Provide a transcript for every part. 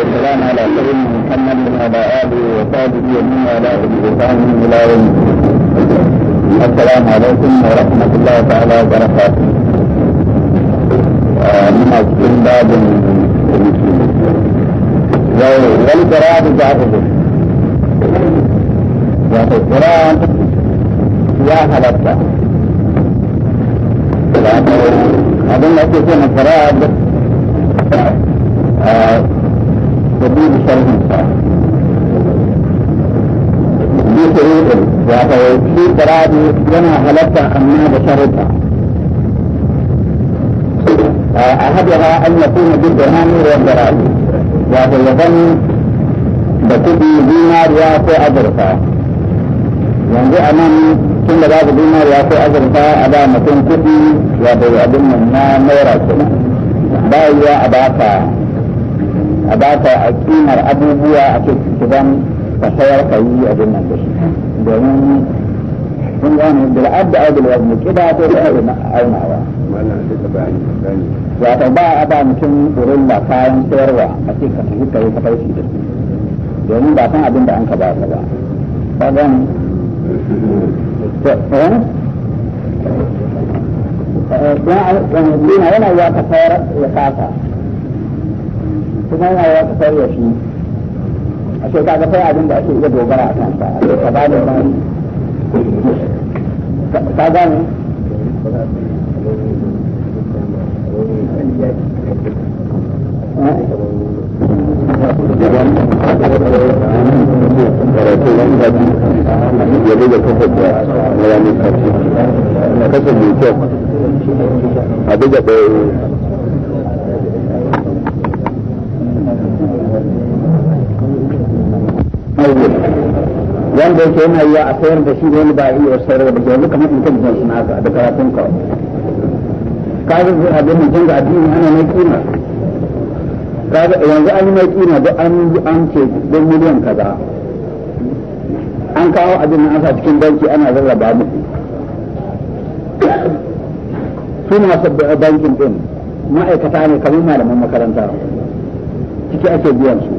والسلام على سيدنا محمد وعلى اله وصحبه ومن والاه بإحسان الى يوم السلام عليكم ورحمة الله تعالى وبركاته. آه، من استنباد باب والقراءة تعرفه. يعني القرآن يا حلقة. أظن أن القراءة آه، سبيل شر الإنسان دي طريقة وهو في قرار لنا هلتا أما بشرطة أحدها أن يكون بالدهان والضرائب وهو يظن بكبي دينار يعطي أجرها yanzu a nan tun da babu dinar ya fi azurfa a ba mutum kuɗi ya bai abin nan na naira kuma ba yiwa a baka a ba ta a kimar abubuwa a ce kidan ka sayar ka yi a jinnan da shi domin sun gane da al'adda audul mu kida ko ta irin aunawa wato ba a ba mutum wurin ba kayan sayarwa a ce ka tafi kai ka faifi da su domin ba san abin da an ka ba ka ba ka gane eh? Eh, yana ya ka sayar ya kasa kuma yana ya ka sauya shi a ce kaga sai abin da ake iya dogara a kansa a ce ka ba da ka gane mai kyau a awwal wanda yake yana yi a sayar da shi da wani ba iya sayar da duka yanzu kan intelligence na haka da karatun ka kaga zai abin mutum ga addini ana mai kima kaga yanzu an mai kima da an an ce don miliyan kaza an kawo abin nan asa cikin banki ana rarraba muku su a bankin din ma'aikata ne kamar malaman makaranta ciki ake biyan su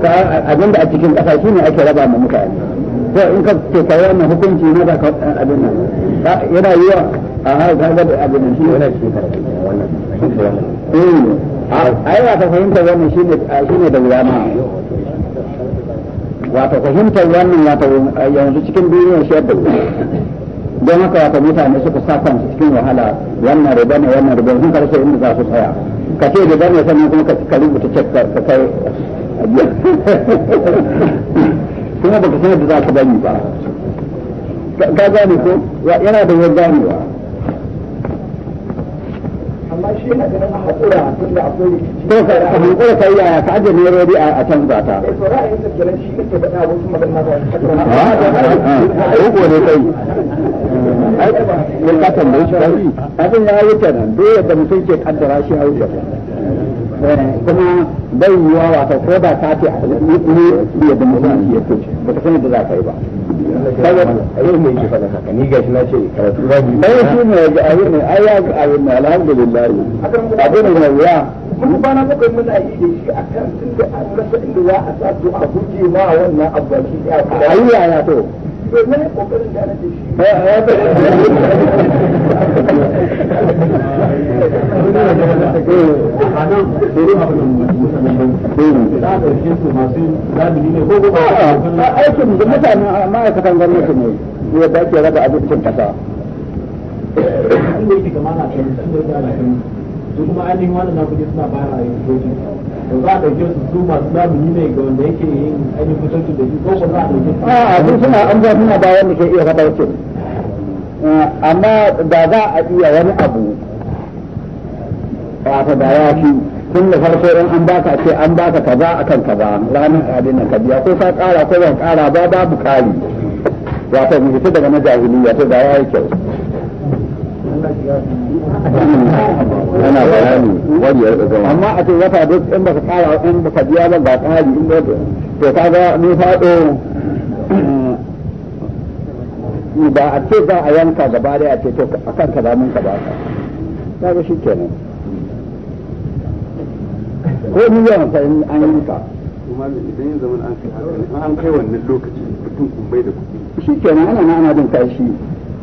abinda a cikin ƙasa shi ne ake raba ma mutane ko in ka ce ka wannan hukunci na da abin nan yana yiwa a ha ga da abin nan shi yana cikin wannan eh ai wata fahimtar wannan shi ne shi ne da wuya ma wata fahimtar wannan wata yanzu cikin duniyar shi da wuya don haka wata mutane suka sa kansu cikin wahala wannan riba ne wannan riba sun karshe inda za su tsaya ka ce riba ne sannan kuma ka rubuta cek ka kai kuma baka sanar da za ka bani ba ka gane ko yana da wani ba amma shi yana ganin a haƙura a tunda akwai to ka haƙura kai yaya ka ajiye ne a can ta eh, to ra'ayin shi yake ba ko ah, ah, ah, ne kai eh, ai ka tambaye shi abin ya wuce nan Eh, kuma bai yiwa wato ko da ta ce ni ni da ya ce ba ta san da za ka yi ba haka ni gashi na ce karatu ba ni shi ne ga ne ai ya ga ne alhamdulillah ne ya mun ba na da shi akan tunda rasa inda za a sa to a guje ma wannan abu shi ya ayi ya to domin da aikin da mutane ma'aikatan gwamnati ne ya ke raga abincin kasa. su kuma ainihin wannan na kuɗi suna bayar a yankoki to za a ɗauke su su masu zamuni ne ga wanda yake yin ainihin kusanci da shi ko ko za a ɗauke su a su suna an za suna bayan da ke iya raba yake eh, amma da za a iya wani abu ba ta da shi tun da farko in an baka ce an baka kaza akan kaza ranar adin nan ka biya ko ka kara ko ban kara ba babu kari wato mu fita daga na jahiliya to da ya yi kyau yana bayani wani ya gama amma a ce wata duk in baka tsara in baka biya ba ba tsari in ba to kaga ni fado eh, ba a ce za a yanka gaba da a ce to a kan ka mun ka ba ka ga shi ke nan ko ni yawan sai an yanka kuma idan yin zaman an kai haka an kai wannan lokaci mutum kun bai da kuɗi shi ke nan ana na ana bin kashi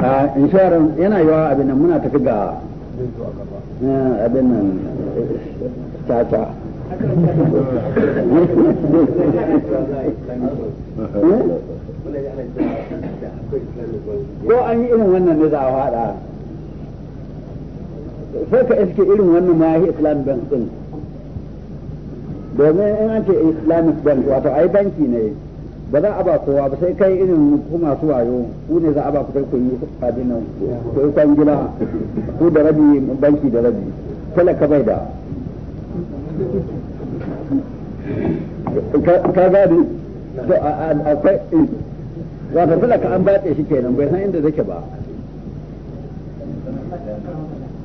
a insharan yana yawa abin nan muna tafi ga eh, abin nan caca eh? ko an yi irin wannan ne za a faɗa sai ka iske irin wannan ma yi islamic bank din domin in an ce islamic bank wato ai banki ne ba za a ba kowa ba sai kai irin ku masu wayo ku ne za a ba ku sai ku yi abin nan ku yi kwangila ku da rabi banki da rabi talaka bai da ka gani to akwai eh, wato talaka an batse shi kenan bai san inda zake ba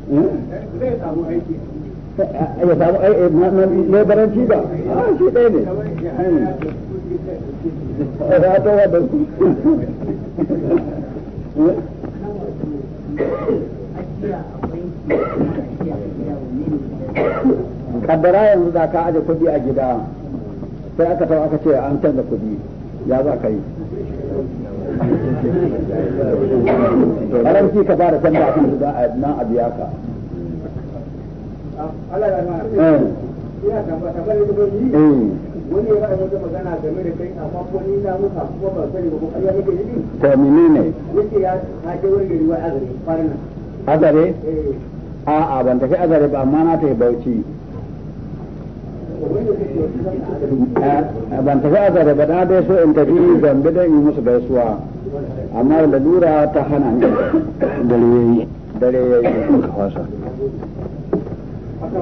hmm? eh, ya samu eh, aiki na lebaranci ba a ah, shi ɗaya ne hmm. kaddara yanzu za ka aje kudi a gida sai aka tawa aka ce an canza kudi ya za ka yi ƙararci ka fara canza abin za a na a biya ka Allah ya ma. Eh. Ina tambaya tambayar da wani ya ra'ayi wata magana game da kai amma ko ni na kuma sani ba ko yi to menene ya je gari wai azare eh. a'a ban tafi azare ba amma na tafi bauchi eh, eh, ban tafi azare ba na dai so in tafi gambe don yi musu gaisuwa amma da lura ta hana ni dare yayi dare yayi ka Eh.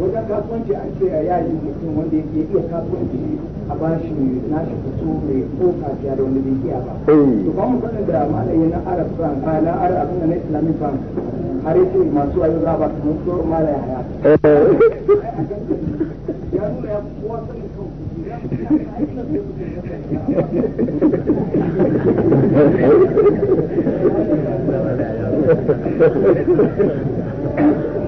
wajen kasuwanci an ce a yi mutum wanda yake iya kasuwanci a bashi nashi fito mai koka fiye da wani bai iya ba eh. to ba mu sanin da malaye na arab bank na arab na islamic bank har yace masu ayo za ba su so malaye haya eh. ya nuna ya kowa sanin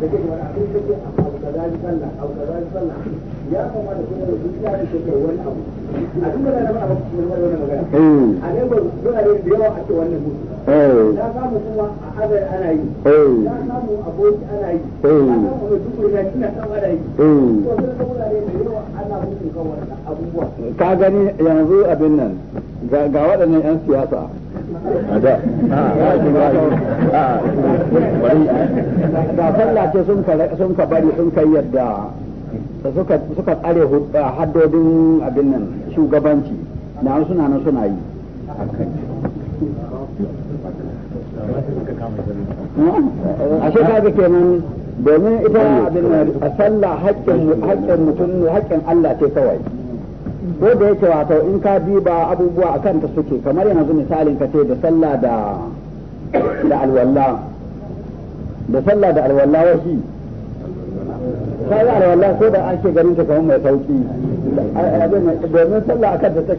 da ke da abin da ke abu kaza ni sallah abu kaza ni sallah ya kama da kuma da dukiya da ke kai wani abu a duk da na eh. ba abu kuma da wannan magana a ne ba gurare da yawa ake wannan mutu eh. na samu kuma a azar ana yi eh. na samu aboki ana yi na samu kuma duk da kina san ana yi to sai da gurare da yawa ana mutu kan wannan abubuwa ka gani yanzu abin nan ga waɗannan 'yan siyasa da sallah ce sun ka bari sun kai yadda suka tsare haddodin abin nan shugabanci na suna nan suna yi a shekara kenan domin ita abin a sallah haƙƙin mutum haƙƙin Allah ce kawai ko da yake wato in ka diba abubuwa a kanta suke kamar yanzu misalin ka ce da sallah da da alwala da sallah da alwala wahi sai da alwala ko da ake ganin ta kamar mai sauki domin sallah akan ta take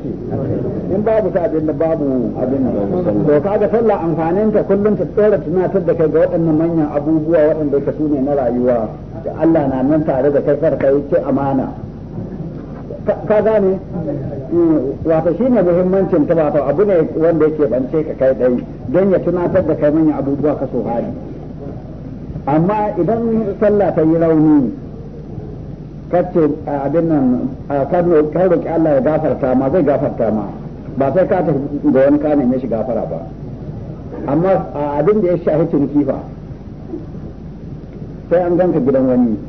in babu ta abin da babu abin da to kaga sallah amfanin ta kullum ta tsora tunatar da kai ga waɗannan manyan abubuwa waɗanda ka ne na rayuwa da Allah na nan tare da kai kar kai ce amana ka gane mm, wato shi ne muhimmancin ta wato abu ne wanda yake bance ka kai ɗai don ya tunatar da kai manyan abubuwa ka so hali amma idan sallah ta yi rauni kace abin nan ka roƙi Allah ya gafarta ma zai gafarta ma ba sai ka tafi ga wani ka neme shi gafara ba amma abin da ya shahi ciniki fa sai an ganka gidan wani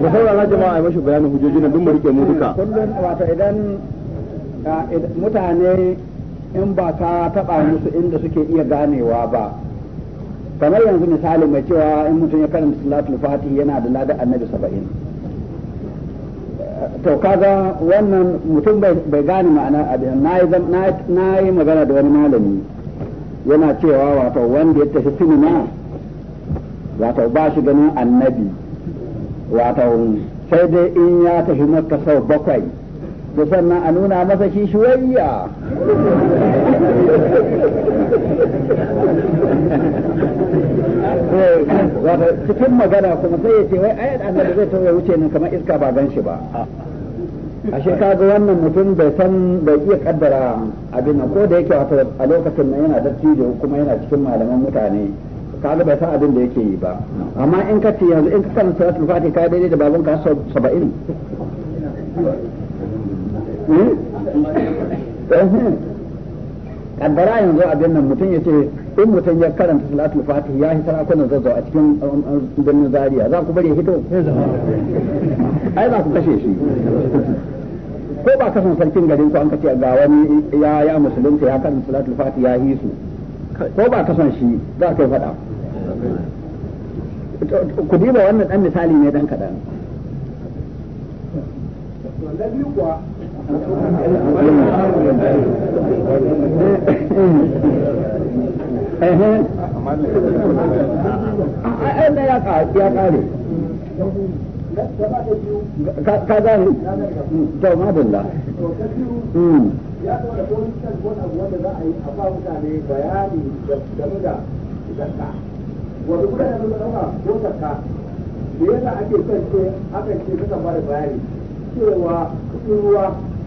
da saurara jama'a ya mashi bayanin hujjoji na dumbar rike mu duka wato idan mutane in ba ka taba musu inda suke iya ganewa ba kamar yanzu misali mai cewa in mutum ya karanta salatul fatih yana da ladar annabi saba'in to kaga wannan mutum bai gane ma'ana abin na yi magana da wani malami yana cewa wato wanda ya tafi sinima wato ba shi ganin annabi wato sai dai in ya tafi maka sau bakwai da sannan a nuna masa shi shuwayya cikin magana kuma sai ya ce wai ayat annabi zai tauye wuce nan kamar iska ba gan shi ba ashe kaga wannan mutum bai san bai iya kaddara abin nan ko da yake wato a lokacin nan yana dattijo kuma yana cikin malaman mutane kaga bai san abin da yake yi ba amma in ka ce yanzu in ka kan salatul fati ka daidai da baban ka saba'in eh? Eh? kaddara yanzu abin nan mutum ya ce in mutum ya karanta salatul fatih ya hitar akwai zazzau a cikin um, birnin zaria za ku bari ya hito ai za ku kashe shi ko ba ka san sarkin garin ku an ka ce ga wani ya ya musulunta ya karanta salatul fatih ya hi su ko ba ka san shi za ka yi faɗa ku diba wannan dan misali ne dan kaɗan. ai da ya ya kare ka gane to madalla ya kamata ko wani kan wani abu wanda za a yi a ba mutane bayani game da zakka wanda mutane sun ɗauka ko zakka me yasa ake kan ce akan ce kakan ba da bayani cewa ruwa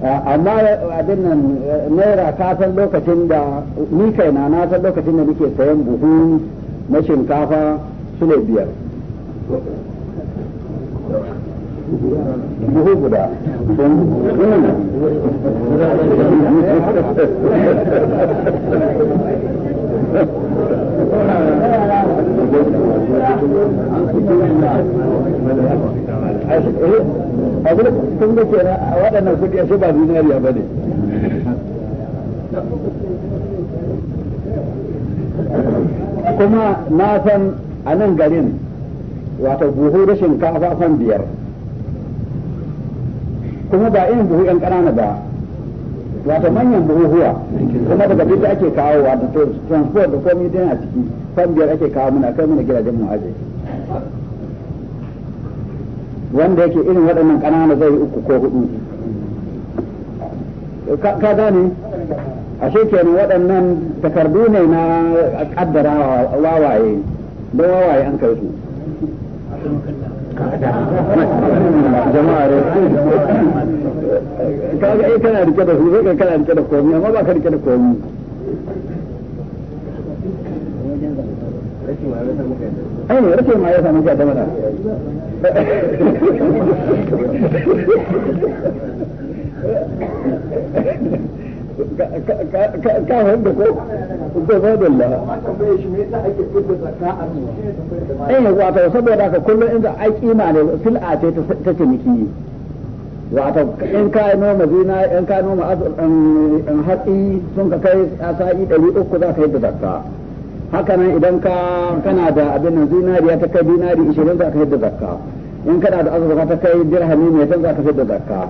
amma abin nan naira ka san lokacin da ni kaina na san lokacin da nake sayan buhu na shinkafa sule biyar buhu guda a ke a waɗannan ba zinariya ba ne kuma na san a nan garin wata buhu da shinkafa fan biyar kuma ba irin buhu yan ƙanana ba wata manyan buhuhuwa kuma daga bisa ake kawo wato transport da komai din a ciki fan biyar ake kawo muna kai muna gidajen mu ajiye wanda yake irin waɗannan ƙanana zai uku ko hudu ka gane ashe kenan waɗannan takardu ne na ƙaddara wawaye don wawaye an kai su jama'a kaga eh kana rike da su sai eh, kana rike da komi amma ba ka rike da komi aini rashin ma ya samu ka da mana ka wanda ko da zadon la aini eh, wato saboda ka kullum inda ai kima ne sil'a ce ta ciniki wato in ka noma zina in ka noma azur in sun ka kai sa'i ɗari uku za ka yi da zakka haka nan idan ka kana da abin nan zinariya ta kai dinari 20 za ka da zakka in kana da azurfa ta kai dirhami mai tan za ka da zakka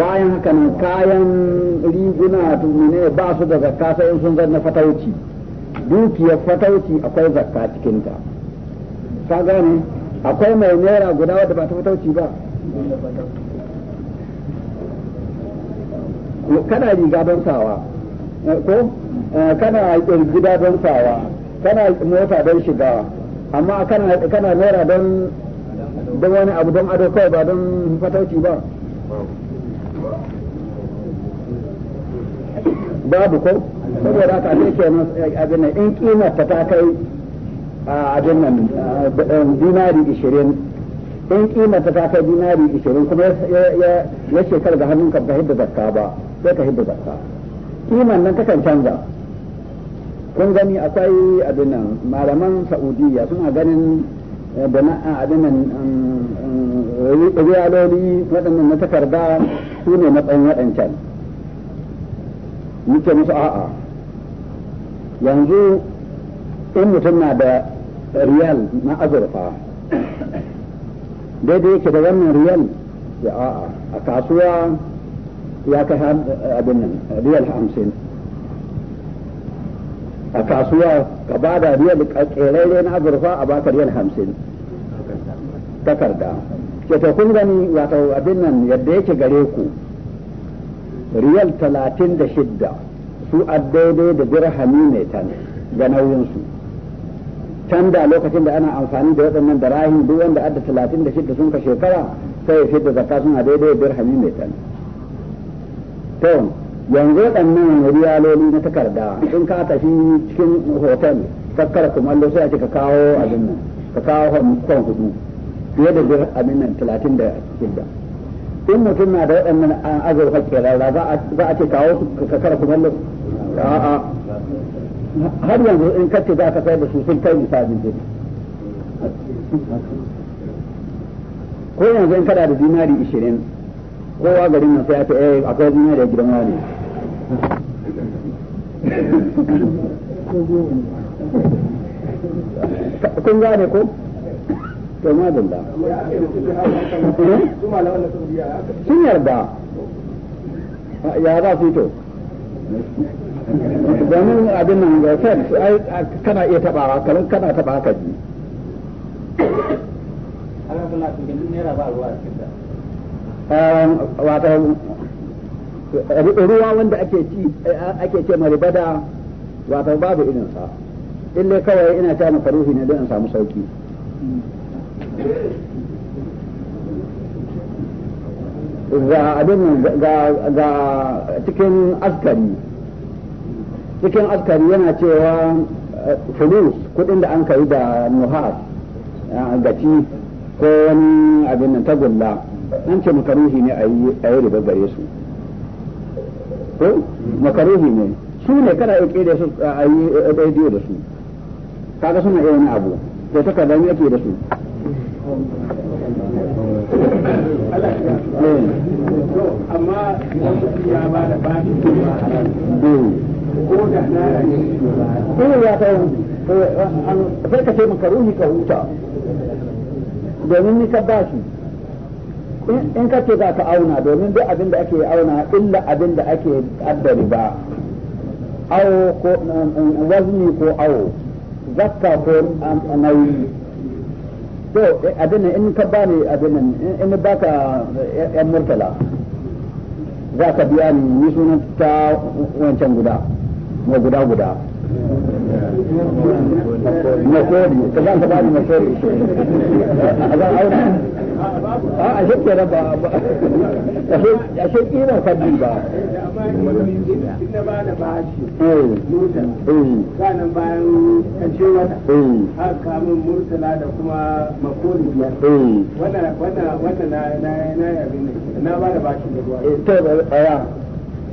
bayan haka nan kayan riguna tumine ba su da zakka sai sun zan na fatauci dukiyar fatauci akwai zakka cikin ta ka gane akwai mai naira guda wadda ba ta fatauci ba kana riga don sawa eh, ko eh, kana kirgida don sawa kana mota don shiga amma kana kana naira don don wani abu don ado kawai ba don fatauci ba babu ko saboda haka sai kenan abin nan in kimar ta ta kai abin nan dinari 20 in kimar ta ta kai dinari 20 kuma ya shekar ga hannunka ba hidda zakka ba sai ka hidda zakka kimar nan ta kan canza kun gani akwai abin nan malaman sa'udiyya suna ganin eh, da na ah, abin nan um, um, eh, riyaloli waɗannan na takarda su ne matsayin waɗancan muke musu a'a yanzu in mutum na da riyal na azurfa daidai yake da wannan riyal ya a'a a kasuwa ya kai eh, abin nan riyal hamsin a kasuwa ka ba da riyal kerere na azurfa a baka riyal hamsin takarda ke ta kun gani wato abin nan yadda yake gare ku riyal talatin da shidda su a daidai da birhami ne tan ga nauyinsu can da lokacin da ana amfani da waɗannan da rahim duk wanda adda talatin da shidda sun ka shekara sai ya shidda zakka suna daidai da dirhami ne tan yanzu waɗannan riyaloli na takarda in ka tafi cikin hotel kakkar kumallo sai ake ce ka kawo abin nan ka kawo kwan hudu fiye da bir abin nan talatin da shida in mutum na da waɗannan an azurfa kerara za a ce kawo kakar kumallo a'a har yanzu in kacce za ka sai da su sun kai misalin jini ko yanzu in kada da dinari ishirin kowa garin nan sai ya fi eh, akwai dinari a gidan wani kun ga ne ko to ma da ba sun yarda ya za su to domin abin nan ga ai kana iya tabawa kamar kana taba ka ji ana kuma ba ruwa ta ruwa wanda ake ci ake ce mai bada wato babu irin sa illa kawai ina ta na faruhi ne don in samu sauki ga abin ga cikin askari cikin askari yana cewa fulus kudin da an kai da nuhas gaci ko wani abin nan tagulla an ce mutaruhi ne a yi riba gare su ko eh? makaruhi ne su ne kada ya da su a yi da su kaga suna iya wani abu ta ne ake da su eh. amma ya ba da ba eh. ko da na ya ta ka makaruhi ka huta domin ni ka ba shi in ka ce za ka auna domin duk abin da ake auna illa abin da ake addari ba awo ko um, um, wazni ko awo zakka ko um, nauyi to eh, abin nan in ka bani abin nan in ka eh, yan murtala za ka biya ni ni sunan ta wancan guda na guda guda مشوري كلام تبعي مشوري هذا أولا اه اشك يا رب اشك اشك ايه ما فضي بقى كان باين كشي وتا هكا من مرسلا da kuma makoli biyar wannan wannan wannan na na na na ba da bashi da ruwa eh to aya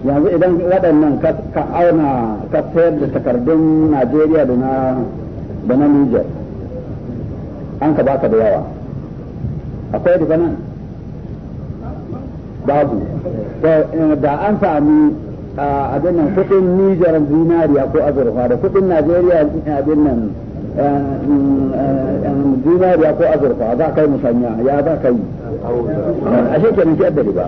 yanzu idan waɗannan ka auna ka sayar da takardun najeriya da na niger an ka baka da yawa akwai daga nan babu da an sami a nan kudin niger zinariya ko azurfa da kudin najeriya abin nan eh, eh, eh, zinariya ko azurfa za ka yi musanya ya za ka yi a shekarun ki adda ba.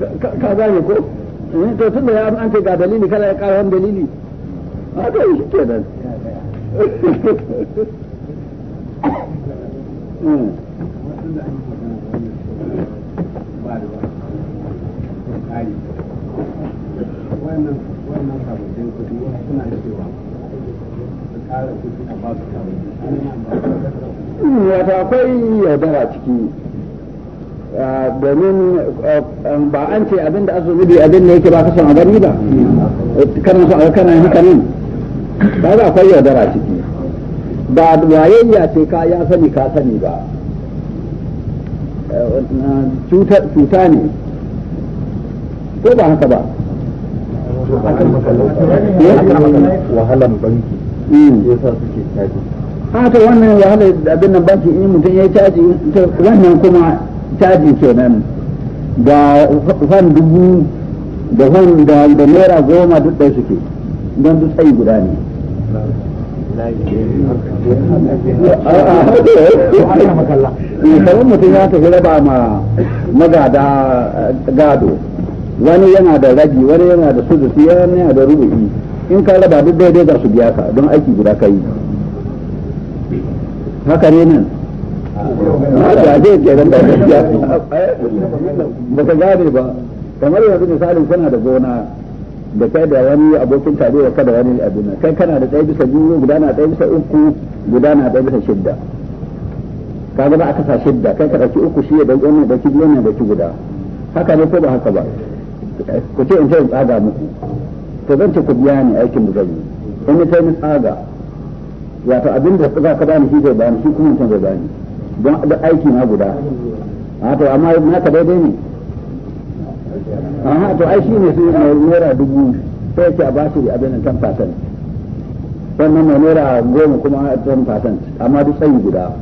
ka gane ko to tun da ya an ce ga dalili kala ya kawo dalili dalili haka yi ke nan wannan wannan suna cewa a ba akwai yaudara ciki Ah, domin ah, um, ba an ce abin da azunubi abin da yake ba ka son a gani ba kana son a ga kana haka nan ba za akwai yaudara ciki ba wayayya ce ka ya sani ka sani ba eh, cuta ne ko ba haka ba wahalan banki hmm. yasa suke caji haka ah, to wannan wahalar abin nan banki in mutum ya caji wannan kuma caji kenan da fan dubu da fan da da naira goma duk ɗaya suke don duk tsayi guda ne eh, kamar mutum ya tafi raba ma magada eh, gado wani yana da ragi wani yana da su wani yana da rubu'i in ka raba duk daidai za su biya ka don aiki guda ka yi haka ne nan ba ce ke nan da gaskiya ba ka gane ba kamar yanzu misalin kana da gona da kai da wani abokin tarayya ka da wani abin nan kai kana da ɗaya bisa biyu guda na ɗaya bisa uku guda na ɗaya bisa shidda ka ga ba aka sa shidda kai ka ɗauki uku shi ya ɗauki wannan ɗauki biyu wannan ɗauki guda haka ne ko ba haka ba ku ce in ce in tsaga muku to zan ce ku biya ni aikin da zan yi in ni ta ni tsaga wato abin da za ka bani shi zai bani shi kuma mutum zai bani don da aiki na guda a to amma na ka daidai ne amma to ai shi ne su mai naira dubu sai yake a bashi abin tan fatan sannan mai naira goma kuma a tan fatan amma duk tsayi guda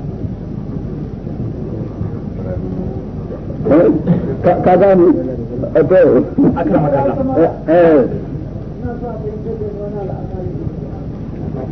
ka gani a eh, to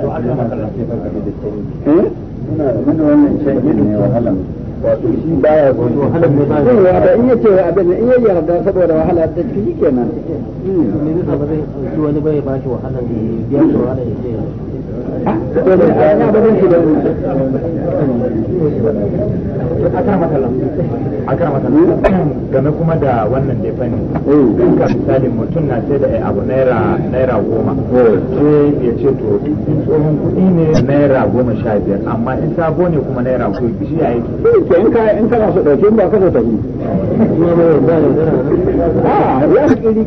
muna wannan shan ne wahalan wato shi baya goyi wahalan ne baya yawa da in yace abin ne in yarda saboda wahala da shi kenan me yasa ba zai ci wani bai bashi wahalan ya biya shi wahalan ya game kuma da wannan da fanni in hmm. ka misali mutum na sai da abu naira naira goma hmm. sai ya ce to tsohon kuɗi ne naira goma sha biyar amma in sabo ne kuma naira Goma shi ya yi hmm. to in ka in kana so ɗauke ba ka so tafi a ah, ya fi ƙiri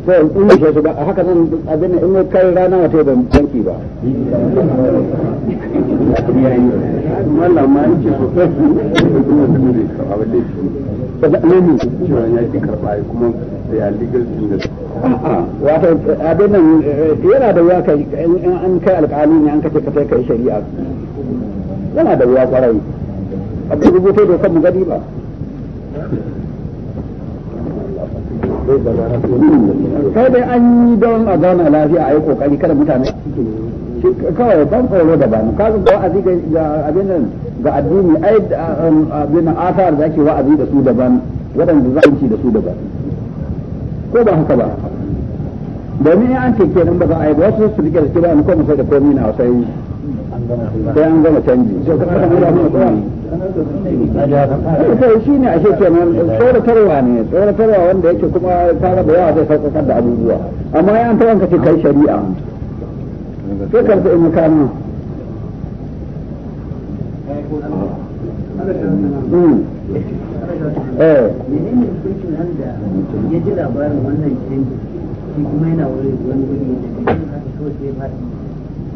to in kunshe su ba haka nan abin in ya kai rana wata ban banki ba wallan ma yake so kai kuma mutum ne karɓa da shi da ne ne ya ki karɓa kuma ya legal din da wato abin nan eh, yana da wuya kai an kai alƙali ne an kace ka kai kai shari'a yana da wuya kwarai abin rubuta dokar mu gani ba kai dai an yi don a zauna lafiya a yi kokari kada mutane kawai ban tsoro da bani ka ga wa'azi ga abin nan ga addini ai um, abin nan asar da ake wa'azi da su da bani waɗanda za ci da su da bani ko ba haka ba domin an ce kenan ba za a yi ba wasu su rike da kira ni ko mu sai da komi na sai sai an gama canji sai eh, shi ne ashe kenan tsoratarwa ne tsoratarwa wanda yake kuma tare da yawa zai sauƙaƙar da abubuwa amma ya an ta wanka ce kai shari'a sai ka rufe makamin hmm. Eh. Menene hukuncin wanda ya ji labarin wannan canji shi kuma yana wani wani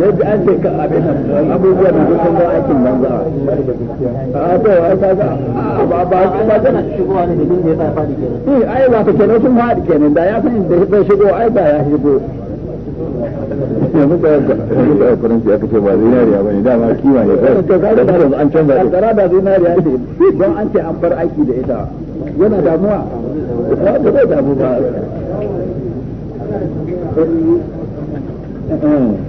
ne ji an ce abin nan abubuwan da sun aikin a to ai ka ga ba ba ba ne da ya fadi kenan eh ai ba ka kenan sun fadi kenan da ya san da ya shigo ai ita yana damuwa ba da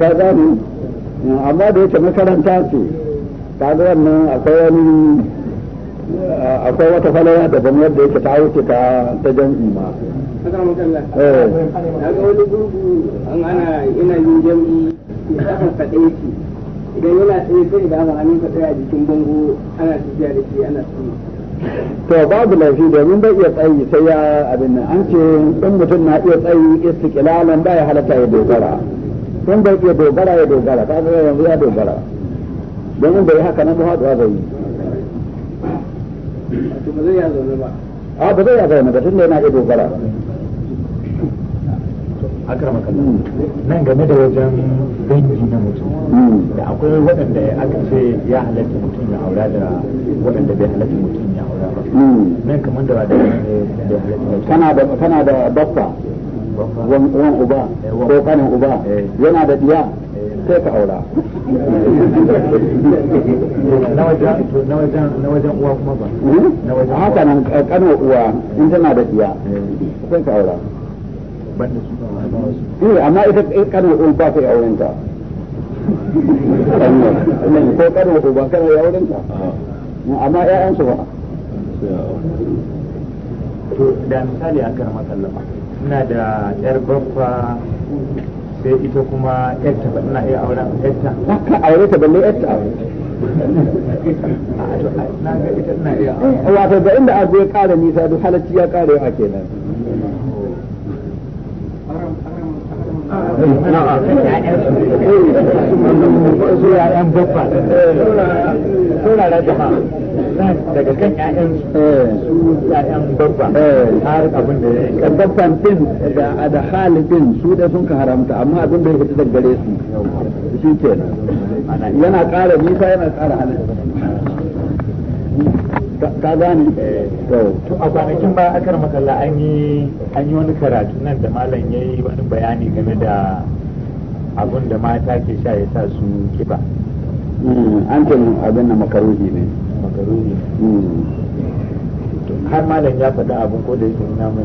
ka gani amma da yake makaranta ce kaga wannan akwai wani akwai wata falaya ban yadda yake ta wuce ta ta jam'i ma haka mutalla eh. wani gurgu an ana ina yin jam'i aka faɗe ce idan yana tsaye sai da ba hannun ka a jikin bango ana tafiya da shi ana tsaye. to babu lafi domin bai iya tsayi sai ya abin nan an ce ɗin mutum na iya tsayi istiqlalan ba ya halatta ya dogara tun da ya dogara ya dogara ta zai yanzu ya dogara don in bai haka nan ba haɗuwa zai yi a ba zai ya zaune ba tun da yana iya dogara akrama kallon nan game da wajen dangi na mutum hmm. da akwai waɗanda aka ce ya halatta mutum ya aura da waɗanda bai halatta mutum ya aura ba hmm. nan kamar da ba da bai halatta mutum. da kana da baffa wan uba ko kanin uba eh. yana da diya eh. sai ka aura na wajen uwa kuma ba hmm? haka nan eh, uwa in tana da diya sai ka aura eh amma ita kanin uwa ba ta auren ta ko kanin uba kana auren ta ah. amma ƴaƴansu ba to da misali an karama sallama ina da yar babba sai ita kuma yarta ba ina iya auren aure ta balle yarta aure na ga ita ina iya eh, wato ga inda abu ya kara nisa duk halacci ya kara yawa kenan su ya'yan babba suna jama'a daga kan ƴaƴan su ƴaƴan babba har abin da ya da da halibin su da sun ka haramta amma abin da ya fita daga gare su shi kenan yana ƙara nisa yana ƙara halin ka gane eh. to a kwanakin ba akar makalla an yi an yi wani karatu nan da malam ya yi wani bayani game da abun da mata ke sha ya sa su kiba mm, an ce abin na makaruhi ne makaruhi mm. har malam ya faɗi abun ko da yake na mai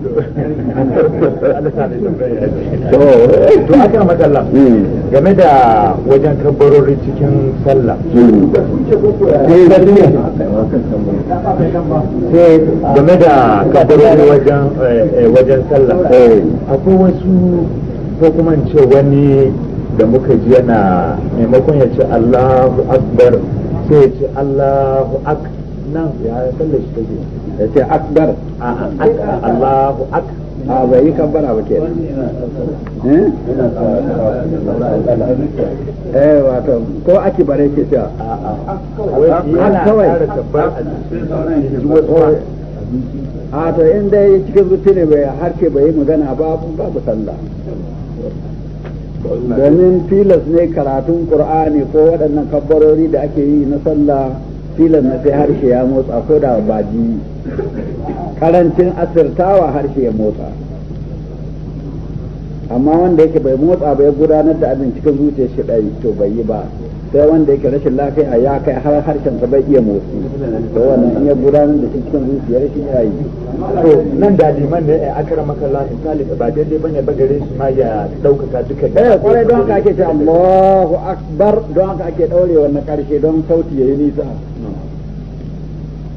Eh. to a kan matsala hmm. game da wajen kabbarori cikin sallah hmm. eh, eh, game da kabbarori wajen sallah akwai wasu ko kuma ce wani da muka ji yana maimakon ya ce allahu akbar sai ya ce allahu akbar nan ya sallar shi take ya ce akbar Allahu akbar a bai yi kabbara ba ke eh? eh wato ko aki bare ke cewa a kawai a to in dai cikin zuci ne bai harke bai yi magana ba babu sallah domin tilas ne karatun qur'ani ko waɗannan kabbarori da ake yi na sallah tilan na sai harshe ya motsa ko da ba ji karancin asirtawa harshe ya motsa amma wanda yake bai motsa bai gudanar da abin cikin zuciyar shi ɗari to bai yi ba sai wanda yake rashin lafiya ya kai har harshen sa bai iya motsi to wannan in ya gudanar da shi cikin zuciyar shi ya yi to nan da liman ne a eh, akara lafi misali ba daidai bane ba gare shi ma ya daukaka duka eh kore don haka ake ce Allahu akbar don haka ake daure wannan karshe don sauti yayi nisa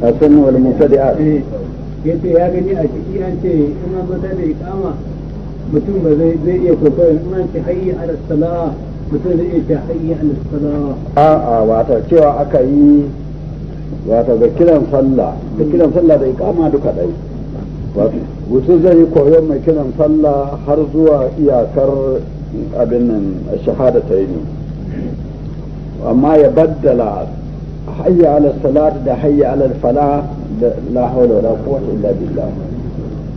a السنة والمبتدئات yace ya gani a ciki an ce ina mata zo da ikama mutum ba zai iya kokarin ina an ce hayya ala salawa mutum zai iya ce hayya ala salah a'a wata cewa aka yi wata da kiran sallah da kiran sallah da ikama duka dai wato mutum zai yi koyon mai kiran sallah har zuwa iyakar abin nan shahada ta yi amma ya baddala hayya ala salat da hayya ala fala da la hawla wala quwwata illa billah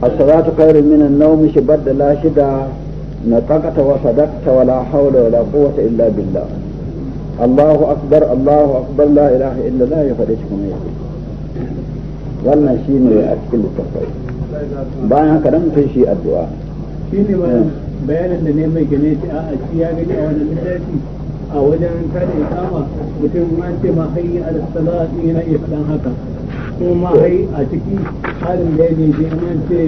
as-salatu khairun min an-nawm da la shida نطقت وصدقت ولا حول ولا قوة إلا بالله الله أكبر الله أكبر لا إله إلا الله يفرجكم يجي wannan shi ne a cikin littattafai bayan haka nan kai shi addu'a shi ne bayanin da ne mai gane shi a ya gani a wannan littafi a wajen kada ya kama mutum ma ce ma hayi al salati na iya faɗan haka ko ma hayi a ciki halin da ne shi ma ce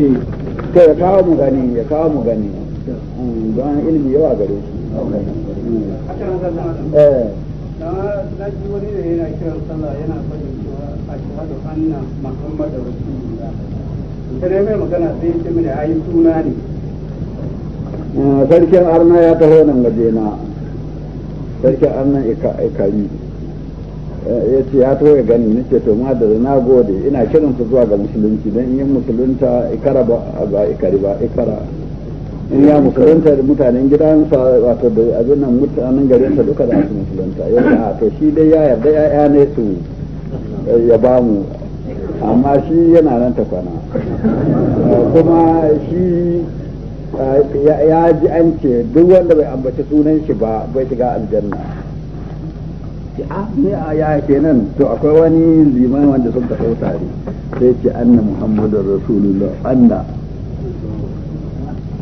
to ya kawo mu gani ya kawo mu gani mm, don ilimi yawa gare shi mm. eh na wani da yana kiran sallah yana faɗin cewa ashhadu anna da rasulullah sai mai magana sai ya ce mini ayi suna ne ah, sarkin arna ya taho nan gajena sarkin annan ikari eh, ya ce ya ya gani na ce to ma da na gode ina kiran su zuwa ga musulunci don yin musulunta ikara ba ba ikari ba ikara in ya musulunta da mutanen gidansa wato da abin nan mutanen garinsa duka da su musulunta ya ah, to shi dai ya yarda ya ne su eh, ya ba mu amma shi yana nan ta kwana kuma shi ya ji an ce duk wanda bai ambaci sunan shi ba bai shiga aljanna ne a ya nan to akwai wani liman wanda sun taɓa tare sai ce anna muhammadu rasulullah anna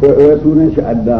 ko sunan shi adda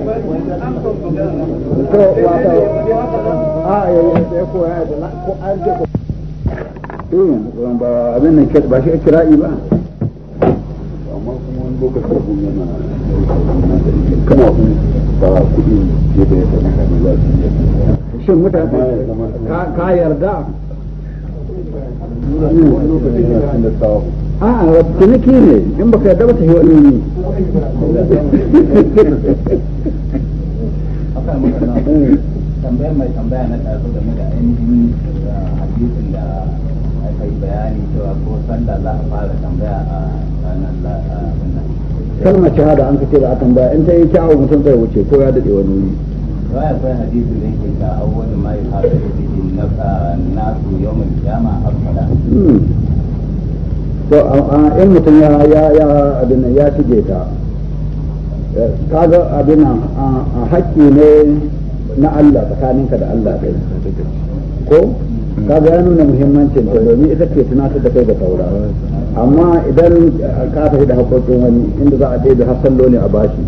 to wato a yayin da ya koya da ko an je ko eh ba abin nan ba shi kira'i ba amma kuma wani lokacin yana kana kun ba da mutane ka yarda ne in baka yarda ba ta yi ne sa maka na tambayar mai tambaya na tafi da muka ainihin ah, hadisin da aka yi bayani cewa ko sanda za a fara tambaya a ranar lafiya kalmar shahada an kace da a tambaya in ta yi kyawu mutum zai wuce ko ya dade wani wuri wa kai hadisi da yake ta awwal ma na bihi ah, nasu yawmal qiyamah afala hmm. to in mutum ya ya ya abin ya shige ta kaga abin a haƙƙi ne na Allah tsakaninka da Allah ɗaya ko kaga ya nuna muhimmancin ta domin ita ce tunatar da kai da saura amma idan ka tafi da haƙoƙin wani inda za a ce da hassan ne a bashi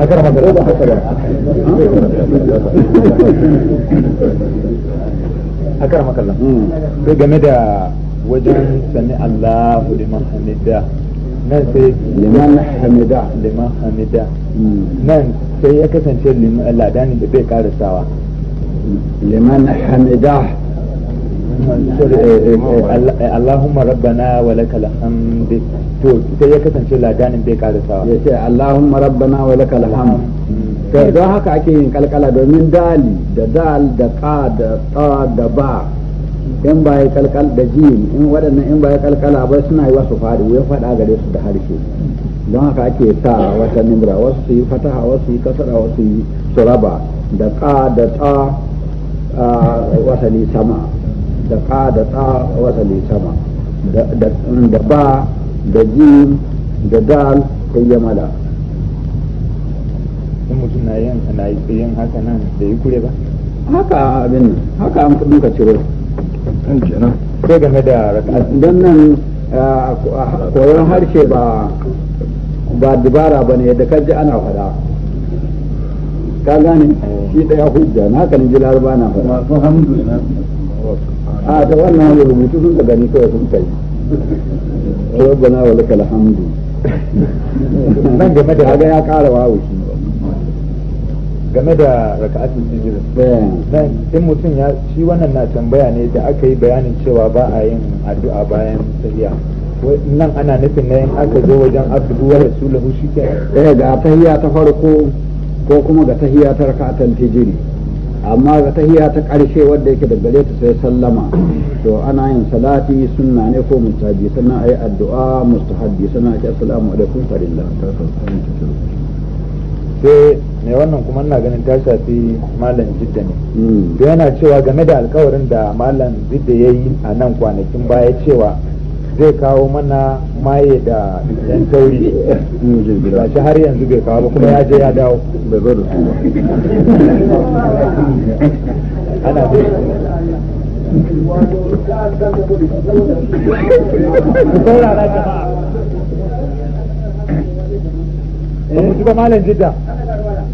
akar magana ba hmm. game da wajen sami Allahu liman hamida nan sai liman hamida liman hamida hmm. nan sai ya kasance ladani da bai karasawa liman hamida eh, eh, eh, Allahumma rabbana wa lakal hamd to sai ya kasance ladanin bai karasawa ya ce Allahumma rabbana wa lakal hamd to don haka ake yin kalkala domin dali da dal da ka da ta da ba in ba ya kalkal da jin in waɗannan in ba ya kalkala ba suna yi wasu faɗi ya faɗa gare su da harshe don haka ake sa wata nimra wasu su yi fataha wasu su yi kasara wasu su yi suraba da ka da ta wasali sama da ka da ta wasali sama da ba da jin da dal ta ya mala in mutum na yin haka nan da yi kure ba haka abin haka an ka ciro ko game da don nan koyon harshe ba ba dubara ba ne da kaji ana fada ka gane shi daya hujja na ji laraba na fada a ta wannan rubutu sun ka gani kawai sun kai rabbana wa lakal hamdu nan game da ya kara wawo shi game da raka'atul sujud in mutum ya ci wannan na tambaya ne da aka yi bayanin cewa ba a yin addu'a bayan tahiya nan ana nufin na yin aka zo wajen su lahu shi ke eh ga tahiya ta farko ko kuma ga tahiya ta raka'atul sujud amma ga tahiya ta karshe wanda yake daggare ta sai sallama to ana yin salati sunna ne ko mutabi sannan ayi addu'a mustahabi sannan ake assalamu alaikum farillah sai ne wannan kuma ina ganin ta shafi malam jidda ne da hmm. yana cewa game da alkawarin da malam jidda ya yi a nan kwanakin baya cewa zai kawo mana maye da yan tauri hmm, ba shi har yanzu bai kawo ba kuma ya je ya dawo bai zo da su ana jama'a ba eh, ji ba malam jidda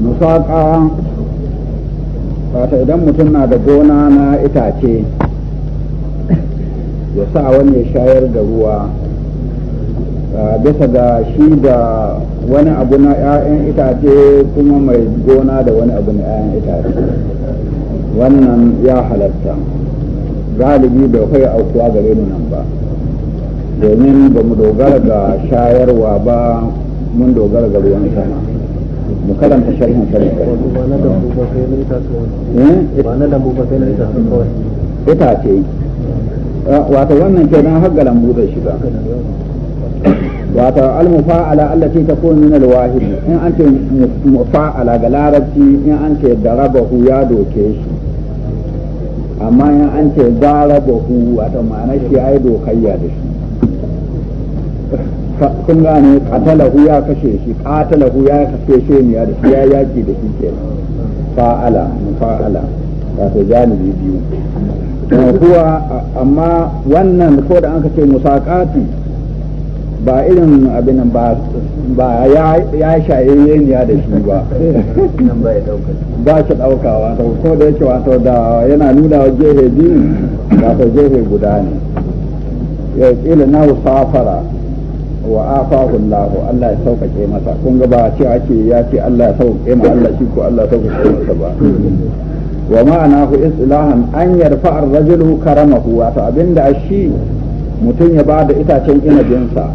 musaka wata idan mutum na da gona na itace ya sa wani shayar da ruwa bisa ga shi da wani abu na 'ya'yan itace kuma mai gona da wani abu na 'ya'yan itace wannan ya halatta galibi bai kai aukuwa gare mu nan ba domin ba mu dogara ga shayarwa ba mun dogara ga ruwan sama mu karanta sharhin sharhin ba na lambu eh? ba sai na ita kawai ba ba sai na ita kawai ita ce ah, wato wannan kenan har ga lambu zai shiga wato almufa'ala allati takunu min alwahid in an ce mufa'ala ga larabci in an ce darabahu ya doke shi amma in an ce darabahu wata ma'ana shi ai dokayya da shi kun gane qatalahu ya kashe shi qatalahu ya kashe shi ne da ya yaki da shi ke fa'ala fa'ala wato janibi biyu kuwa amma wannan ko da an ce musaqati ba irin abin nan ba ba ya shaye ne da shi ba ba shi ɗauka to ko da yake wato da yana nuna wa jehe biyu ta jehe guda ne ya kila na safara wa afahu Allah Allah ya sauƙaƙe masa kun ga ba ce ake ya ce Allah ya sauƙaƙe ma Allah shi ko Allah ya sauƙaƙe masa ba wa ma'ana hu islahan an yarfa ar-rajulu karamahu wato abinda shi mutum ya ba da itacen inabinsa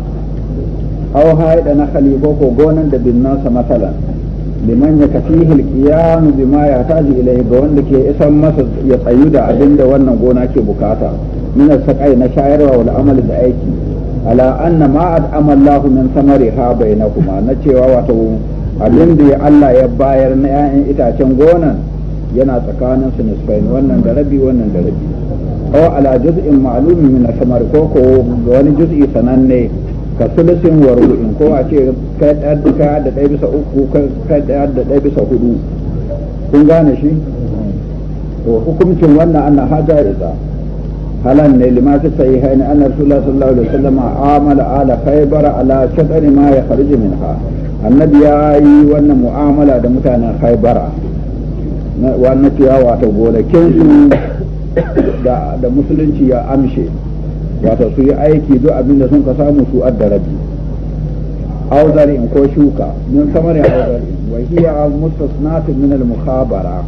aw haida na khalifa ko gonan da sa masalan liman ya kafihi al-qiyam bima yahtaji ilayhi ga wanda ke isan masa ya tsayu da abinda wannan gona ke bukata min sakai na shayarwa wal amali da aiki ala anna ma ad'ama Allah min ha bainakuma na cewa wato abin da Allah ya bayar na 'ya'yan itacen gonan yana tsakanin su nisfain wannan da rabi wannan da rabi aw ala juz'in ma'lum min samar ko ko wani juz'i sananne ka sulusin wa in ko a ce kai duka da dai bisa uku kai da da dai bisa hudu kun gane shi to hukuncin wannan ana haja isa halan ne lima fi sahihaini anna rasulullah sallallahu alaihi wasallam amala ala khaybar ala shatani ma ya kharij minha annabi ya yi wannan mu'amala da mutanen khaybar wannan cewa wato gonakin su da da musulunci ya amshe wato su yi aiki duk abinda sun ka samu su addarabi rabi auzari in ko shuka min samarin auzari wa hiya mustasnat min al-mukhabara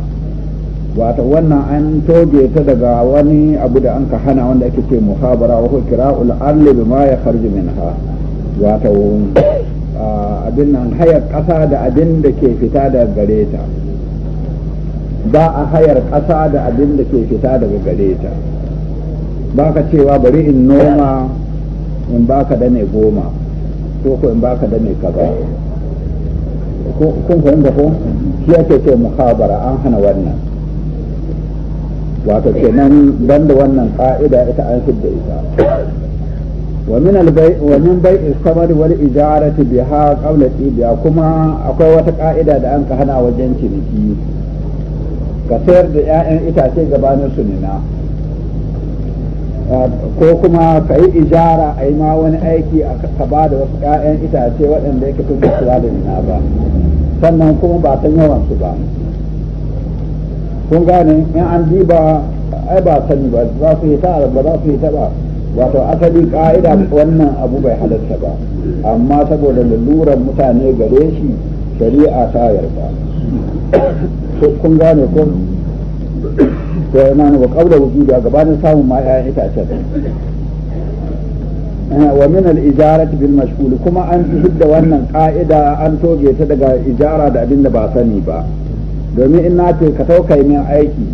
wato wannan an toge ta daga wani abu da an ka hana wanda ake ce muhabara wa huwa kira'ul bi ma ya kharju minha wato ah, abin nan hayar ƙasa da abin da ke fita daga gare ta ba a hayar ƙasa da abin da ke fita daga gare ta ba ka cewa bari in noma in ba ka dane goma ko ko in ba ka dane kaza kun fahimta ko shi ake ce muhabara an hana wannan wato kenan ban da wannan ka'ida ita an fi da ita wa min albay wa min bai'is samar wal ijarati biha qabla tibiya kuma akwai wata ka'ida da an ka hana wajen ciniki ka sayar da 'ya'yan itace gabanin su nina ah, ko kuma ka yi ijara a yi ma wani aiki a ka ba da wasu 'ya'yan itace waɗanda yake tun da nina ba sannan kuma ba ta yawan su ba kun gane in an diba ai ba sani ba za su yi ta ba za su yi ta ba wato asali ka'ida wannan abu bai halarta ba amma saboda laluran mutane gare shi shari'a ta yarda kun gane ko to yana ne kaula wujudi a gabanin samun ma ya itace wa min al-ijarati bil kuma an hidda wannan ka'ida an toge ta daga ijara da abin da ba sani ba domin ina ce ka taukai min aiki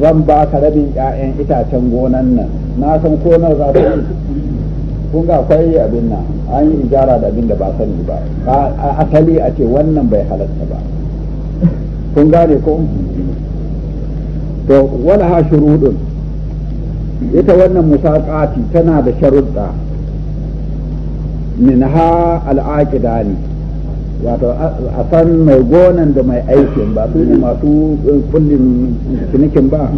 zan ba ka rabin 'ya'yan itacen gonan nan na san ko za su yi kun ga akwai abin nan an yi ijara da abin da ba sani ba asali a ce wannan bai halatta ba kun gane ko to wala ha shurudun ita wannan musaqati tana da sharuɗa minha al ni. wato a san mai gonan da mai aikin ba su ne masu eh, kullin cinikin ba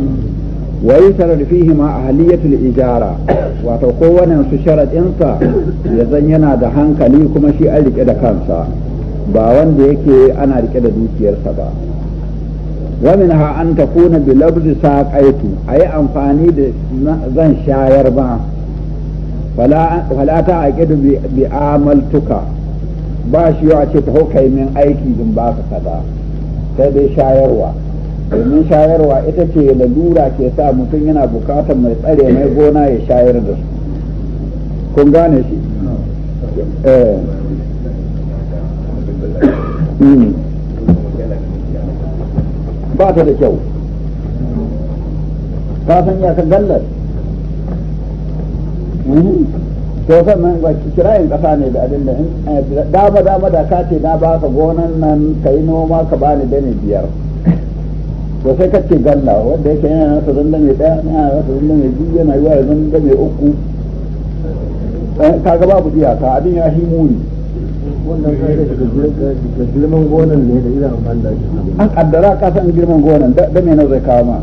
wa yi sarar fihi ma ahaliyatul ijara wato kowane su sharaɗinsa ya zan yana da hankali kuma shi a rike da kansa ba wanda yake ana rike da dukiyarsa ba wa min ha an kuna bi labzi saqaitu ayi amfani da zan shayar ba fala ta aqidu bi amaltuka ba shi yawa ce ta kai min aiki in ba ka kaza sai dai shayarwa domin shayarwa ita ce lalura ke sa mutum yana bukatar mai tsare mai gona ya shayar da su kun gane shi eh. hmm. ba ta da kyau ka san ya gallar hmm. to sannan kirayen ƙasa ne da abin da eh, dama dama da ka ce na baka gonan nan ka yi noma ka bani dane biyar to sai ka ce galla wanda yake yana nasa zan dame ɗaya yana nasa zan mai biyu yana yi wa zan dame uku eh, kaga babu ka abin ya shi muni wannan da girman gonan ne da ina amfani da shi an kaddara ka girman gonan da me na zai kawo ma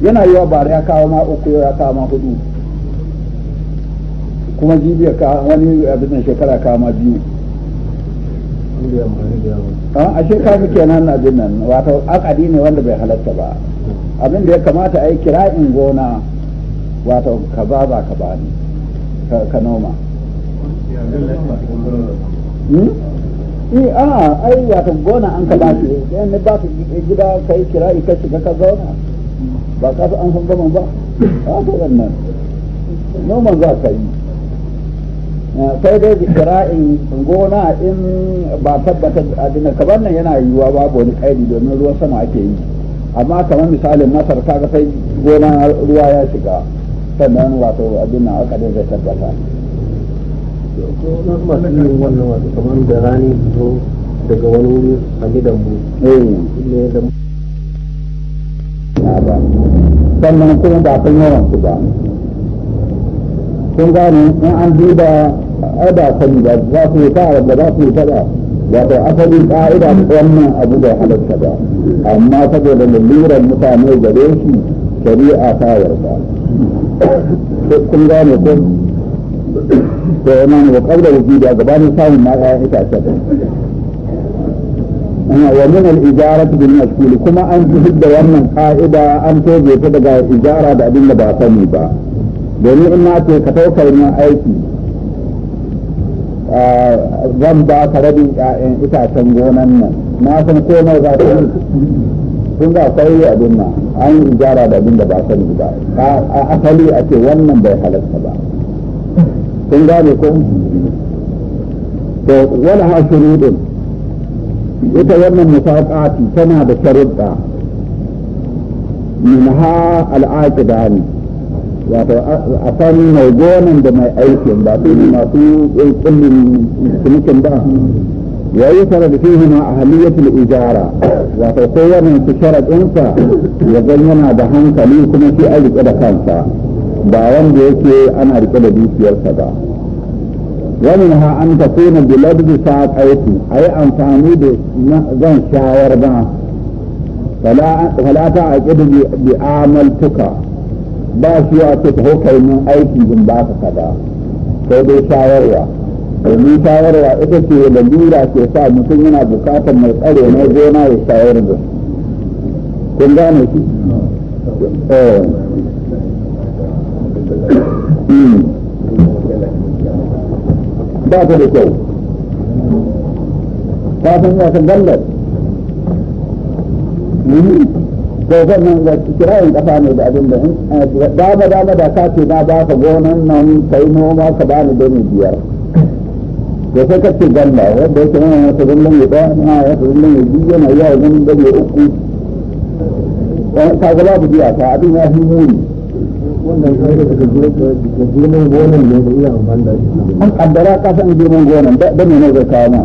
yana yiwa bare ya kawo ma uku ya kawo ma hudu kuma jibiya ka wani abin shekara kama biyu ah, a muke kenan abin nan wato akadi ne wanda bai halatta ba abin da ya kamata a yi kira'in gona wato ka ba ba ka ba ni ka noma hmm? eh a ah, ai wato gona an ka ba su eh, ne ba su gida ka yi kira'i ka shiga ka zauna ba ka an san gama ba a ah, ka wannan noman za ka yi Eh, sai dai zikira'in gona in ba tabbatar dina kamar nan yana yiwuwa babu wani ƙairi domin ruwan sama ake yi amma kamar misalin masar kaga sai gona ruwa ya shiga sannan wato a dina aka zai tabbata wannan wato kamar da rani zo daga wani wuri a eh. sannan kuma ba ta yawan su ba سنگانی این دیبا ادا سنگا ذاتی تار بذاتی تدا ذات اصلی قائدا بخوانا ابو دا حلق تدا اما تدر للیر المتانی جدیشی شریع آتا ورکا سنگانی تن تو امان و قبل وزید اگبانی ساون مار آئی تا سبا ومن الإجارة بالمشكول كما أنت هدى ومن قائدة أنت هدى إجارة بعد النبع سنبا domin in na ce ka ɗaukar min aiki zan ba ka rabin ƴaƴan itacen gonan nan na san komai za ka yi kun ga akwai abin nan an yi ijara da abin da ba sani ba a asali a ce wannan bai halatta ba kun gane ko to wala ha shurudin ita wannan musaqati tana da sharuɗa minha al-aqidani wato a san mai gonan da mai aikin ba su ne masu kullum cinikin ba ya yi sharad fihi ma ahaliyatul ijara wato kowannen su sharaɗinsa ya zan yana da hankali kuma shi a rike da kansa ba wanda yake ana rike da dukiyarsa ba wani ha an ta kuna biladu sa kaiti a yi amfani da zan shawar ba fala ta aƙidu bi ba su yi a ce ta hukai mun aiki in ba ka kaza sai dai shawarwa domin shawarwa ita ce da lura ke sa mutum yana bukatar mai tsare na gona ya shawar da kun gane shi eh. ba ta da kyau ta san yasa gallar hmm. to zan da kirayen kafa ne da abin eh, da dama dama da ka ce na ba ka gonan nan kai noma ka ba ni dani biyar da sai ka ce galla wanda yake yana wata zallan ya ba na wata zallan ya biyu yana yawa ganin uku eh, ka ga babu biya ka abin ya fi muni wannan an kaddara girman gonan da ne ne zai kawo ma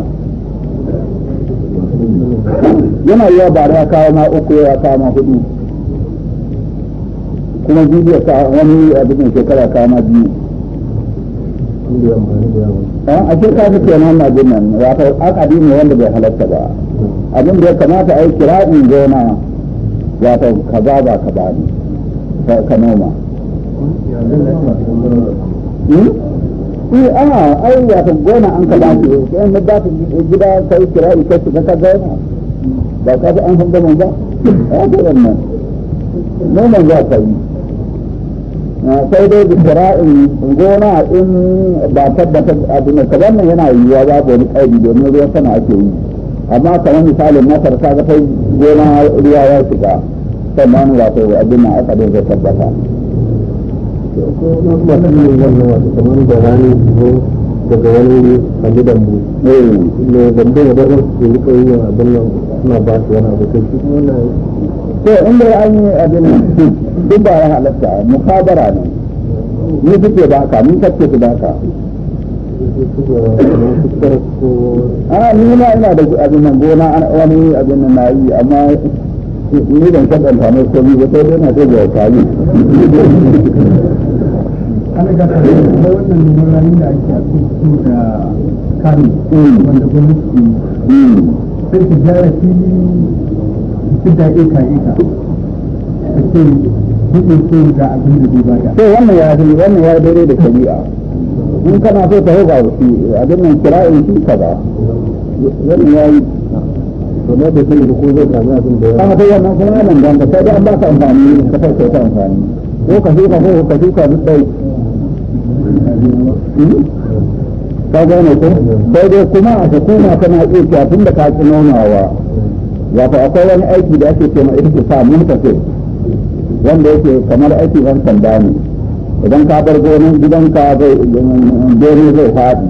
yana yi wa bara ya kawo ma uku ya kawo ma hudu kuma jibi ya kawo wani abin shekara kawo ma biyu a ce ka fi kenan na jinnan wato akadi ne wanda bai halatta ba abin da ya kamata a yi kira'in gona wato kaza ba kaza ne ka noma hmm? Eh a ai wato gona an ka ba ki in da gida yi kira'i kai shiga ka gona ba ka fi an san da manza ya ce wannan mu manza ka yi ah, sai dai da sira'in gona in ba tabbata abin da kaban nan yana yiwuwa babu wani ƙaidi domin ruwan sama ake yi amma kamar misalin masar ka ga kai gona ruwa ya shiga sannan wato abin nan aka zai tabbata kamar da rani daga wani wuri a gidan mu ne eh. zambe da dabar su rika yi abin nan suna ba su wani abu kai to in dai an yi abin duk ba ya halatta mukabara ne ni suke baka ni kake su baka a ni ma ina da abin nan gona wani abin nan na yi amma ni ban san ban samu komai ba sai dai na ta ga kali ta wannan da ake a da mm. wanda sai ka gyara fili da eka eka ka ce duk so ga abin da zai bada to wannan ya zai wannan ya daidai da shari'a in kana so ka hoga shi abin nan kira'in ka ba wannan ya yi to na da sai ko zai samu abin da ya amma sai wannan kuma nan dan sai an ba ka amfani ka sai ka amfani ko ka shuka ko ka shuka duk dai ka gane ko sai dai kuma a hukuma tana iya cewa tun da ka ci nonawa wato akwai wani aiki da ake ce ma ita sa mun wanda yake kamar aiki yan sanda ne idan ka bar gonin gidanka zai gori zai faɗi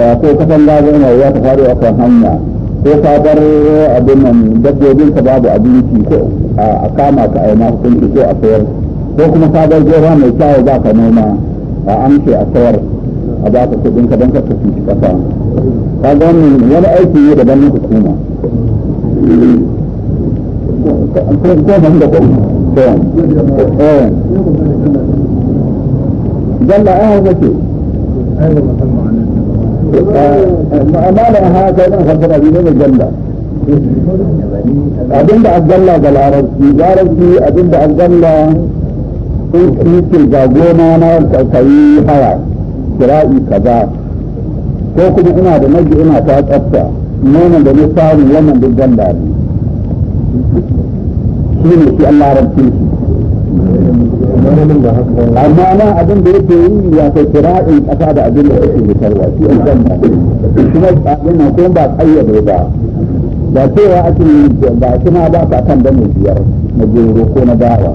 eh, ko katanga zai na ya ta faɗo a kan hanya ko ka bar abin nan dabbobin ka babu abinci ko a kama ka aina hukunci ko a sayar ko kuma ka bar gora mai kyawu ba ka noma a amce a sayar a ba ka kudin ka don ka kuɗi kasa ka gani wani aiki ne da ganin hukuma ko ban da kuɗi ko eh jalla ai haka ce ma'amala abinda azalla ga larabci larabci abinda sun ga gona na kakayi haya kira'i kaza ko kuma ina da naji ina ta tsafta nonon da na samu wannan duk ganda ne shi ne shi Allah rabbi shi amma na abin da yake yi ya kai kira'in kasa da abin da yake fitarwa shi an ganda kuma abin nan kuma ba kayyade ba da cewa ake ba kuma ba ka kan da mai biyar na gero ko na dawa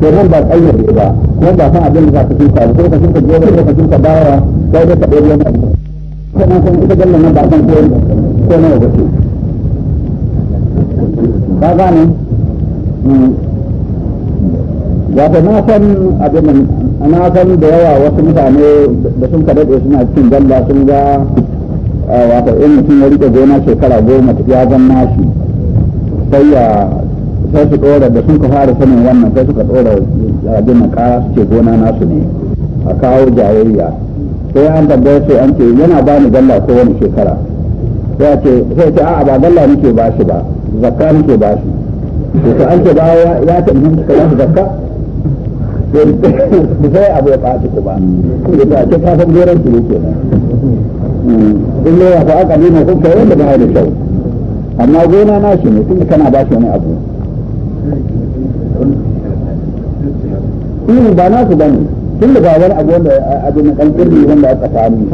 to nan ba kayyade ba ko ba fa abin da za ka tuka ko ka tuka gobe ko ka tuka dawa ko da ka dole ne kana san ita gallan nan ba san ko ko na ba ce ba ba ne ya ta na san abin nan na san da yawa wasu mutane da sun kada suna cikin galla sun ga ah, wato in mutum ya rike gona shekara goma ya zama shi sai ya sai su dora da sun ka fara sanin wannan sai suka dora abin nan kara su ce gona nasu ne a kawo jayayya sai an tambaye sai an ce yana ba ni dalla ko wani shekara sai a ce sai ce a'a ba dalla nake ba shi ba zakka nake ba shi to an ce ba ya ta mun ka ba zakka sai sai abu ya faɗi ku ba sai ce ka san goran ki yake nan mm. in ya fa aka nemo ko kai wanda ba da kyau amma gona na shi ne tun kana ba shi wani abu shi ba na su bane tun da ba wani abu wanda abu na kan kirri wanda aka sami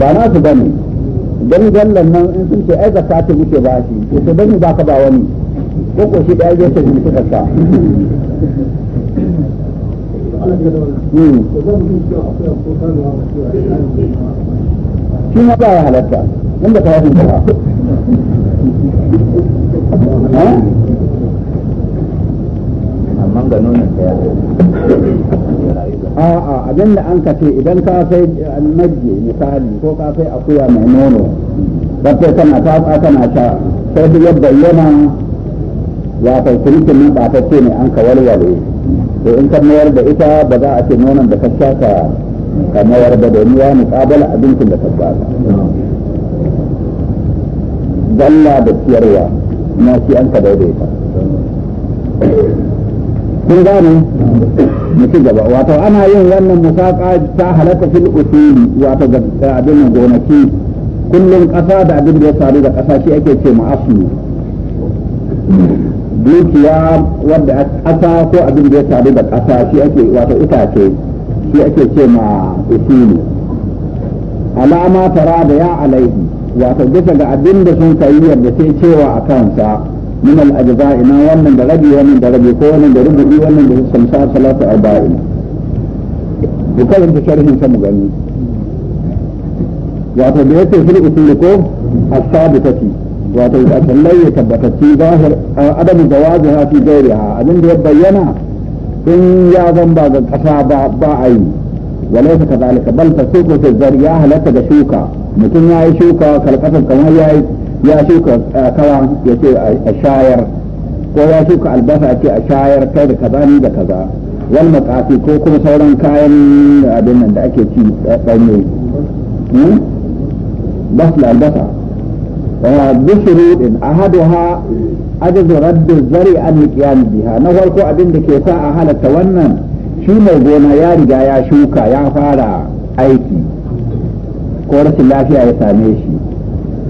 ba na su bane dan gallan nan in sun ce aika sati muke ba shi to to bane ba ka ba wani ko ko shi dai yake mutu zakka shi ma ba ya halatta inda ta yi ba a'a abin da an kace idan ka sai nagge eh, misali ko ka sai akuya mai nono kana ta ka kana sha sai duk yadda yana ya kai kirkin nan ba ta ce ne an ka walwale to in ka mayar da ita ba za a ce nonon da ka sha ka ka mayar da domin ya muƙabala abincin da ka ba ka dalla da ciyarwa na shi an ka daidaita kun gane mu ci gaba wato ana yin wannan musaka ta halaka fil usul wato ga abin gonaki kullum ƙasa da abin da ya faru da ƙasa shi ake ce asu dukiya wanda ƙasa ko abin da ya faru da ƙasa shi ake wato itace shi ake ce ma usuli alama tara da ya alaihi wato bisa ga abin da sun kai yadda sai cewa a kansa من الأجزاء ما ومن دغدي ومن دغدي كون دربي ومن دغدي سمسار صلاة أربعين وكل انت شرح انسا مغني وعطا بيته في الأسلكو الثابتتي وعطا الأسلية تبكتي ظاهر أدم آه، زواجها في دورها أدم دي بينا إن يا ذنبا قد أشع باعين وليس كذلك بل تسوق في الزرياء لك دشوكا مثل ما يشوكا كالقصد كما يعيش ya shuka uh, kawa ya ce a shayar ko ya shuka albasa ce a shayar kai da kaza ni da kaza wal makafi ko kuma sauran kayan uh, abin nan da ake ci danye uh, hmm? bas da albasa bishirudin ahaduha ajazu rabbi zari an qiyam biha na farko abin da ke sa a halatta wannan shi mai gona ya riga ya shuka ya fara aiki ko rashin lafiya ya same shi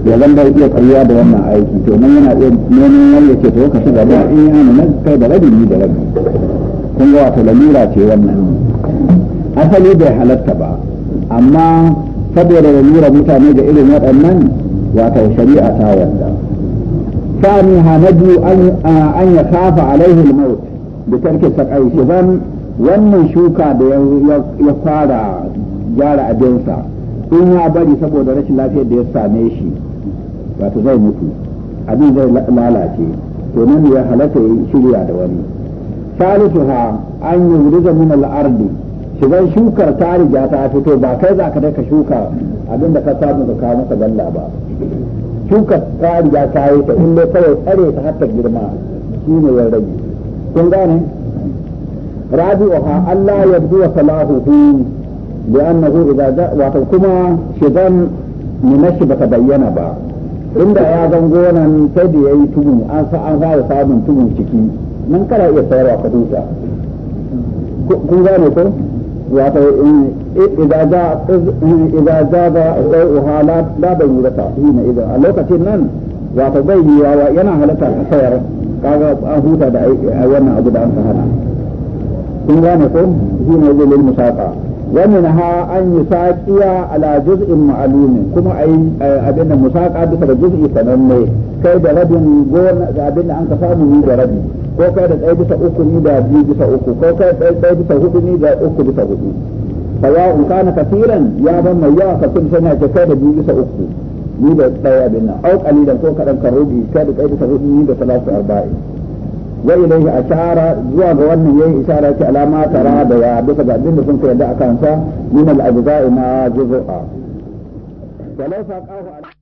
ya zan bai iya karuwa da wannan aiki to nan yana iya neman wani ya to ka shiga ba in ya nan kai da rabi ni da rabi kun ga wato lalura ce wannan asali bai halatta ba amma saboda lalura mutane da irin waɗannan wato shari'a ta yarda sani hanaju an ya kafa alaihi al da tarke sakai shi zan wannan shuka da ya fara gyara abinsa in ya bari saboda rashin lafiyar da ya same shi wato zai mutu abin zai lalace to nan ya halatta ya shirya da wani ha an yi wuri min al'ardi shigar shukar ta riga ta fito ba kai za ka dai ka shuka abin da ka samu ka kawo masa dalla ba shukar ta riga ta yi ta in dai kawai tsare ta har ta girma shi ne ya rage kun gane Ha Allah ya bi wa salahuhu li'annahu idza wato kuma shigan minashi bata bayyana ba inda ya zan gonan sai da yi tudu an sa an fara samun tudu ciki nan kana iya sayarwa ka dusa kun gane ko wato idan za idan za ba sai uhala da yi rata ta hina idan a lokacin nan wato bai yi yawa yana halatta ka sayar kaga an huta da wannan abu da an hana kun gane ko yi idan lil musaqa wannan ha an yi saƙiya ala juz'in ma'alumin kuma a yi abin da musaƙa duka da juz'i sananne kai da rabin gona da abin da an ka samu ni da rabi ko kai da ɗaya bisa uku ni da biyu bisa uku ko kai da ɗaya bisa hudu ni da uku bisa hudu sawa'un kana kafiran ya ban mai yawa kafin sai ce kai da biyu bisa uku ni da ɗaya abin nan au qalilan ko kaɗan karobi kai da ɗaya bisa hudu ni da salatu arba'in wa ilaihi ashara zuwa ga wannan yayi ishara ta alama tara da ya bisa ga abin da sun kai da akan sa min al-ajza'i ma juz'a walau